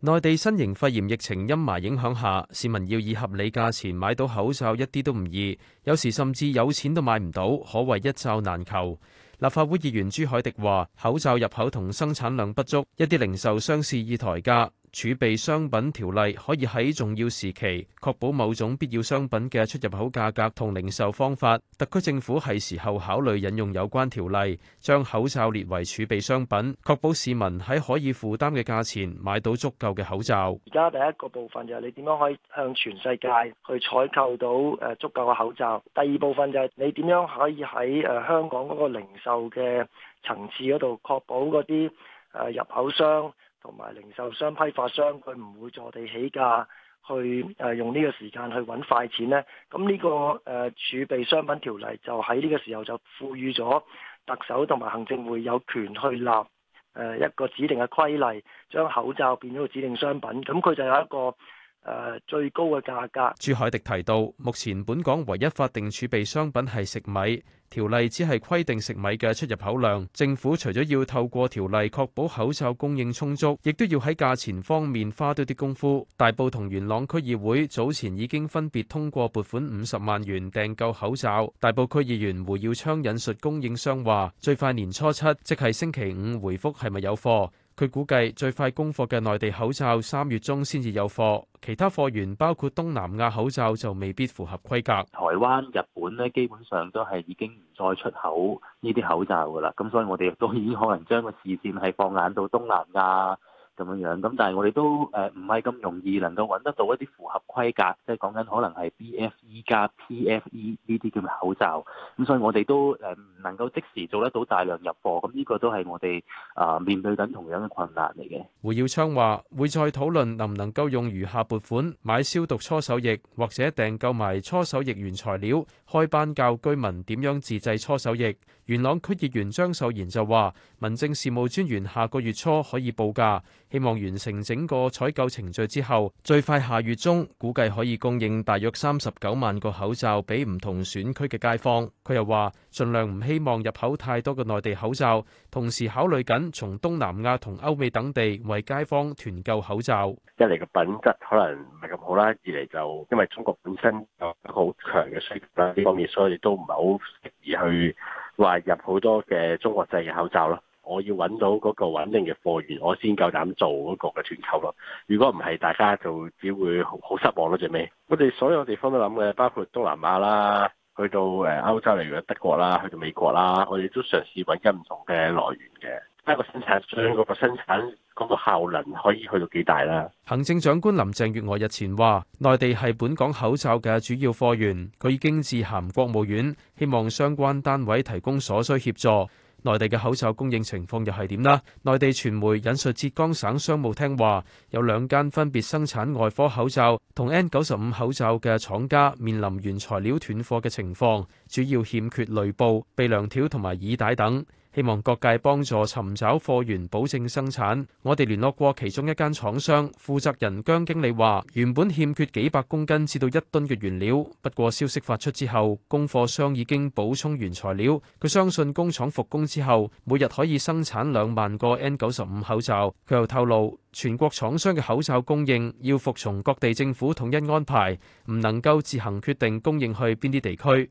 內地新型肺炎疫情陰霾影響下，市民要以合理價錢買到口罩一啲都唔易，有時甚至有錢都買唔到，可謂一罩難求。立法會議員朱凱廸話，口罩入口同生產量不足，一啲零售商肆意抬價。儲備商品條例可以喺重要時期確保某種必要商品嘅出入口價格同零售方法。特區政府係時候考慮引用有關條例，將口罩列為儲備商品，確保市民喺可以負擔嘅價錢買到足夠嘅口罩。而家第一個部分就係你點樣可以向全世界去採購到誒足夠嘅口罩。第二部分就係你點樣可以喺誒香港嗰個零售嘅層次嗰度確保嗰啲誒入口商。同埋零售商、批發商，佢唔會坐地起價，去誒、呃、用呢個時間去揾快錢呢，咁呢、呢個誒、呃、儲備商品條例就喺呢個時候就賦予咗特首同埋行政會有權去立誒一個指定嘅規例，將口罩變咗個指定商品。咁佢就有一個誒、呃、最高嘅價格。朱凱廸提到，目前本港唯一法定儲備商品係食米。條例只係規定食米嘅出入口量，政府除咗要透過條例確保口罩供應充足，亦都要喺價錢方面花多啲功夫。大埔同元朗區議會早前已經分別通過撥款五十萬元訂購口罩。大埔區議員胡耀昌引述供應商話，最快年初七，即係星期五回覆，係咪有貨。佢估計最快供貨嘅內地口罩三月中先至有貨，其他貨源包括東南亞口罩就未必符合規格。台灣、日本咧，基本上都係已經唔再出口呢啲口罩㗎喇，咁所以我哋亦都已經可能將個視線係放眼到東南亞。咁樣樣，咁但係我哋都誒唔係咁容易能夠揾得到一啲符合規格，即係講緊可能係 BFE 加 PFE 呢啲叫嘅口罩。咁所以我哋都誒唔能夠即時做得到大量入貨。咁呢個都係我哋啊面對緊同樣嘅困難嚟嘅。胡耀昌話會再討論能唔能夠用餘下撥款買消毒搓手液，或者訂購埋搓手液原材料，開班教居民點樣自製搓手液。元朗區議員張秀賢就話民政事務專員下個月初可以報價。希望完成整個採購程序之後，最快下月中，估計可以供應大約三十九萬個口罩俾唔同選區嘅街坊。佢又話：盡量唔希望入口太多嘅內地口罩，同時考慮緊從東南亞同歐美等地為街坊團購口罩。一嚟嘅品質可能唔係咁好啦，二嚟就因為中國本身有好強嘅需求啦。呢方面，所以都唔係好適宜去話入好多嘅中國製嘅口罩咯。我要揾到嗰個穩定嘅貨源，我先夠膽做嗰個嘅團購咯。如果唔係大家就只會好失望咯，最尾。我哋所有地方都諗嘅，包括東南亞啦，去到誒歐洲嚟，例如德國啦，去到美國啦，我哋都嘗試揾緊唔同嘅來源嘅。不過生產商嗰個生產嗰個效能可以去到幾大啦？行政長官林鄭月娥日前話，內地係本港口罩嘅主要貨源，佢已經致函國務院，希望相關單位提供所需協助。內地嘅口罩供應情況又係點呢？內地傳媒引述浙江省商務廳話，有兩間分別生產外科口罩同 N 九十五口罩嘅廠家面臨原材料斷貨嘅情況，主要欠缺濾布、鼻梁條同埋耳帶等。希望各界幫助尋找貨源，保證生產，我哋聯絡過其中一間廠商，負責人姜經理話原本欠缺幾百公斤至到一噸嘅原料，不過消息發出之後供貨商已經補充原材料。佢相信工廠復工之後每日可以生產兩萬個 N 九十五口罩。佢又透露，全國廠商嘅口罩供應要服從各地政府統一安排，唔能夠自行決定供應去邊啲地區。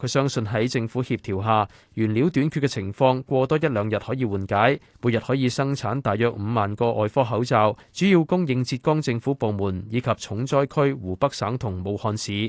佢相信喺政府協調下，原料短缺嘅情況過多一兩日可以緩解，每日可以生產大約五萬個外科口罩，主要供應浙江政府部門以及重災區湖北省同武漢市。